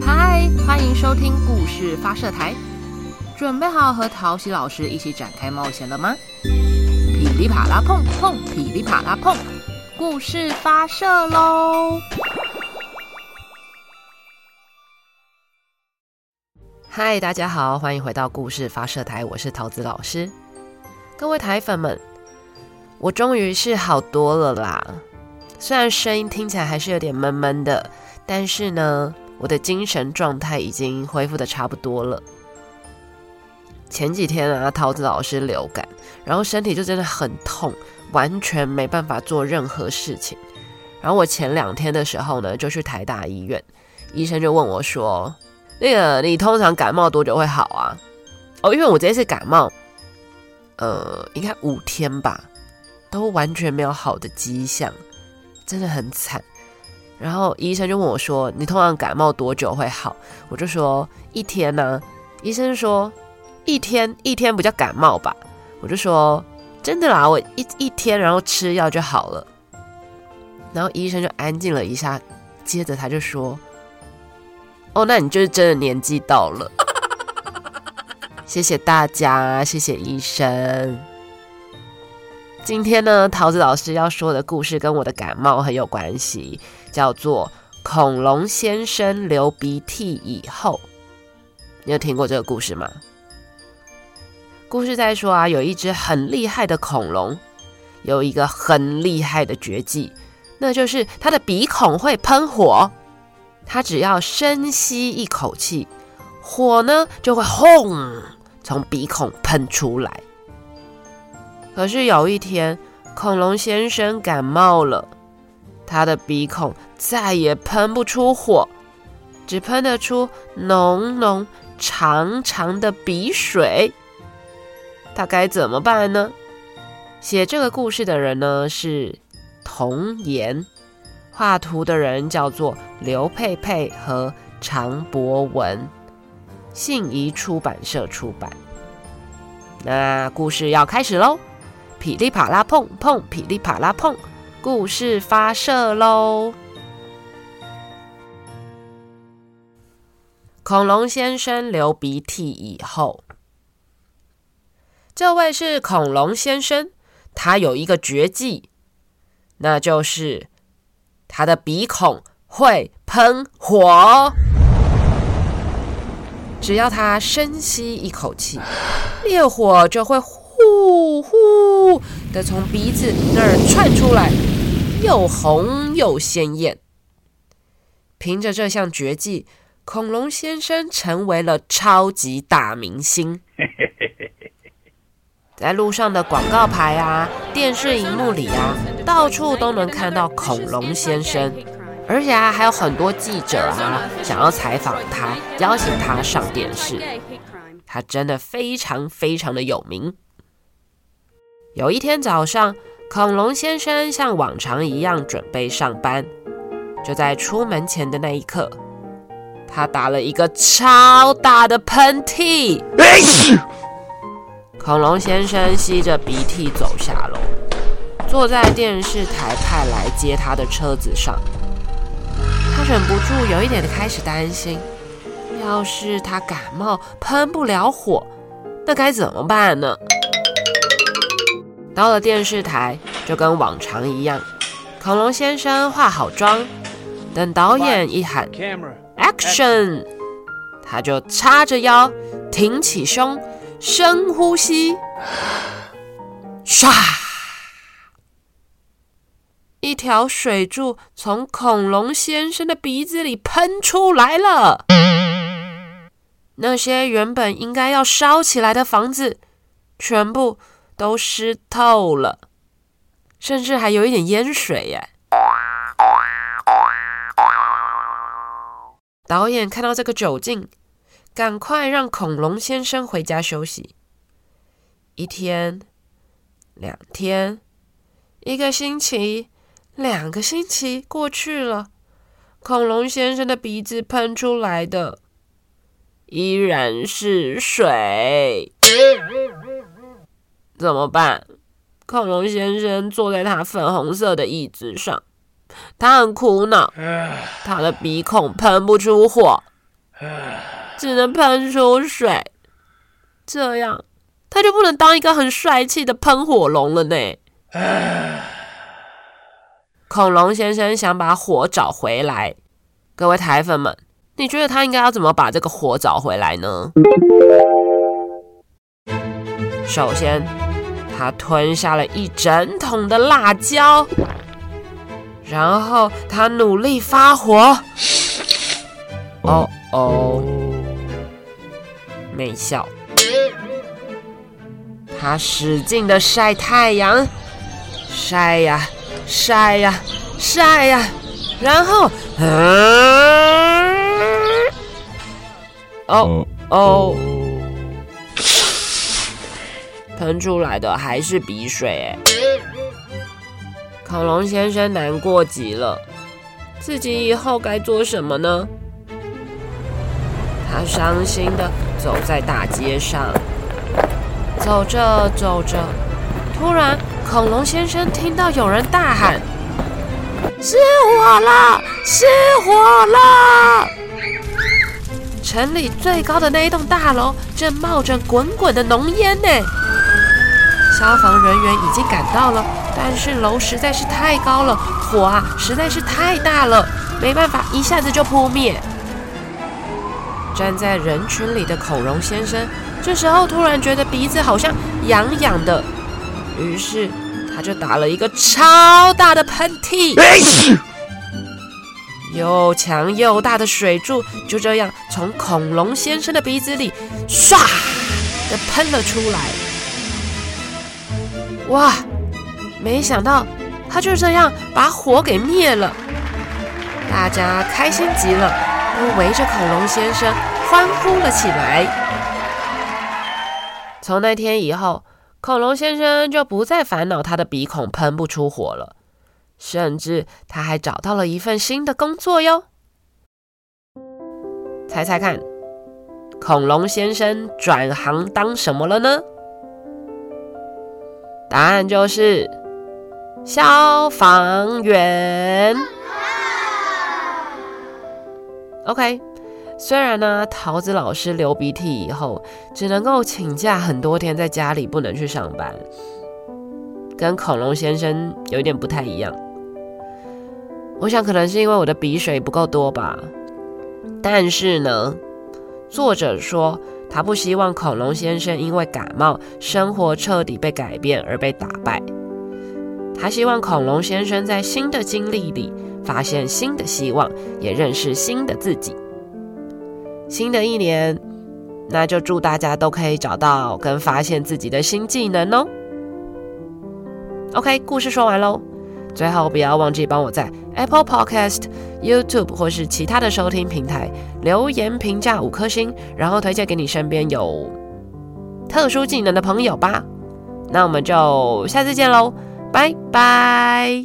嗨，Hi, 歡迎收聽故事發射台，準備好和桃喜老師一起展開冒險了嗎？噼里啪啦碰碰，噼里啪啦碰，故事發射嘍！嗨，大家好，歡迎回到故事發射台，我是桃子老師。各位台粉們，我終於是好多了啦，雖然聲音聽起來還是有點悶悶的，但是呢。我的精神狀態已經恢復得差不多了。前幾天啊，桃子老師流感，然後身體就真的很痛，完全沒辦法做任何事情。然後我前兩天的時候呢，就去台大醫院，醫生就問我說：“那個你通常感冒多久會好啊？”哦，因為我這次感冒，呃，應該五天吧，都完全沒有好的跡象，真的很慘。然後醫生就問我說：“你通常感冒多久會好？”我就說：“一天呢啊。”醫生說：“一天一天不叫感冒吧？”我就說：“真的啦，我一一天然後吃藥就好了。”然後醫生就安靜了一下，接着他就說：“哦，那你就是真的年紀到了。” 謝謝大家啊，謝謝醫生。今天呢，桃子老師要說的故事跟我的感冒很有關係。叫做《恐龍先生流鼻涕以後》，你有聽過這個故事嗎？故事在說啊，有一隻很厲害的恐龍，有一個很厲害的絕技，那就是它的鼻孔會噴火。它只要深吸一口氣，火呢就會轟，從鼻孔噴出來。可是有一天，恐龍先生感冒了。他的鼻孔再也噴不出火，只噴得出濃濃長長的鼻水。他該怎麼辦呢？寫這個故事的人呢，是童言，畫圖的人叫做劉佩佩和常博文，信誼出版社出版。那故事要開始嘍！噼里啪啦碰碰，噼里啪啦碰。故事發射嘍！恐龍先生流鼻涕以後，這位是恐龍先生，他有一個絕技，那就是他的鼻孔會噴火。只要他深吸一口氣，烈火就會呼呼的從鼻子那兒竄出來。又紅又鮮艷，憑着這項絕技，恐龍先生成為了超級大明星。在路上的廣告牌啊、電視熒幕裡啊，到處都能看到恐龍先生。而且啊，還有很多記者啊，想要採訪他，邀請他上電視。他真的非常非常的有名。有一天早上，恐龍先生像往常一樣準備上班，就在出門前的那一刻，他打了一個超大的噴嚏。 恐龍先生吸着鼻涕走下樓，坐在電視台派來接他的車子上。他忍不住有一點開始擔心：要是他感冒噴不了火，那該怎麼辦呢？到了電視台，就跟往常一樣，恐龍先生化好妝，等導演一喊 “Action”，他就叉着腰，挺起胸，深呼吸，唰，一條水柱從恐龍先生的鼻子裡噴出來了。那些原本應該要燒起來的房子，全部。都濕透了，甚至還有一點淹水耶、啊！ 導演看到這個窘境，趕快讓恐龍先生回家休息。一天、兩天、一個星期、兩個星期過去了，恐龍先生的鼻子噴出來的依然是水。 怎麼辦？恐龍先生坐在他粉紅色的椅子上，他很苦惱。他的鼻孔噴不出火，只能噴出水，這樣他就不能當一個很帥氣的噴火龍了呢。 恐龍先生想把火找回來。各位台粉們，你覺得他應該要怎麼把這個火找回來呢？嗯、首先。他吞下了一整桶的辣椒，然後他努力發火。哦哦，哦哦沒笑。嗯、他使勁的曬太陽，曬呀曬呀曬呀，然後，哦、啊、哦。哦哦噴出來的還是鼻水哎！恐龍先生難過極了，自己以後該做什麼呢？他傷心地走在大街上，走着走着，突然恐龍先生聽到有人大喊：“失火了！失火了！”城裡最高的那一棟大樓正冒着滾滾的濃煙呢。消防人員已經趕到了，但是樓實在是太高了，火啊實在是太大了，沒辦法，一下子就撲滅。站在人群裡的恐龍先生，這時候突然覺得鼻子好像癢癢的，於是他就打了一個超大的噴嚏， 又強又大的水柱就這樣從恐龍先生的鼻子裡唰的噴了出來。哇！沒想到他就這樣把火給滅了，大家開心極了，都圍着恐龍先生歡呼了起來。從那天以後，恐龍先生就不再煩惱他的鼻孔噴不出火了，甚至他還找到了一份新的工作喲。猜猜看，恐龍先生轉行當什麼了呢？答案就是消防員。OK，雖然呢，桃子老師流鼻涕以後只能夠請假很多天，在家裡不能去上班，跟恐龍先生有一點不太一樣。我想可能是因為我的鼻水不夠多吧。但是呢，作者說。他不希望恐龍先生因為感冒，生活徹底被改變而被打敗。他希望恐龍先生在新的經歷裡發現新的希望，也認識新的自己。新的一年，那就祝大家都可以找到跟發現自己的新技能哦。OK，故事說完嘍。最後，不要忘記幫我在 Apple Podcast、YouTube 或是其他的收聽平台留言評價五顆星，然後推薦給你身邊有特殊技能的朋友吧。那我們就下次見嘍，拜拜。